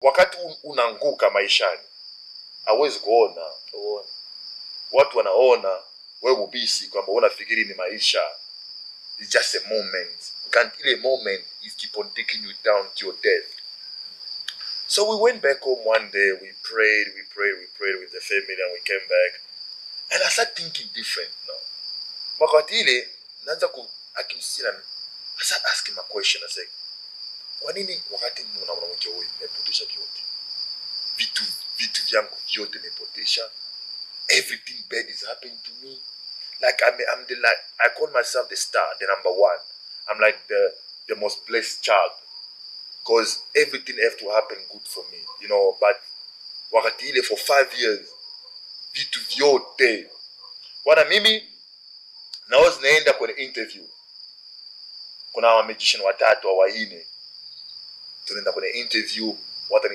Wakati unanguka maishani hauwezi kuona Uona. Watu wanaona wewe ubisi kwamba unafikiri ni maisha, it's just a moment, Can't, ile moment is keep on taking you down to your death. So we went back home one day, we prayed, we prayed, we prayed with the family and we came back and I started thinking different now. Wakati ile naanza ku akimsira I started asking my question I said kwa nini wakati na mwanamke huyu nimepotesha vyote vitu vitu vyangu vyote nimepotesha, everything bad is happening to me like I'm, I'm the like I call myself the star, the number one. I'm like the the most blessed child because everything have to happen good for me, you know. But wakati ile for five years vitu vyote bwana, mimi naozi naenda kwenye interview, kuna wa magician watatu au wanne during the interview what an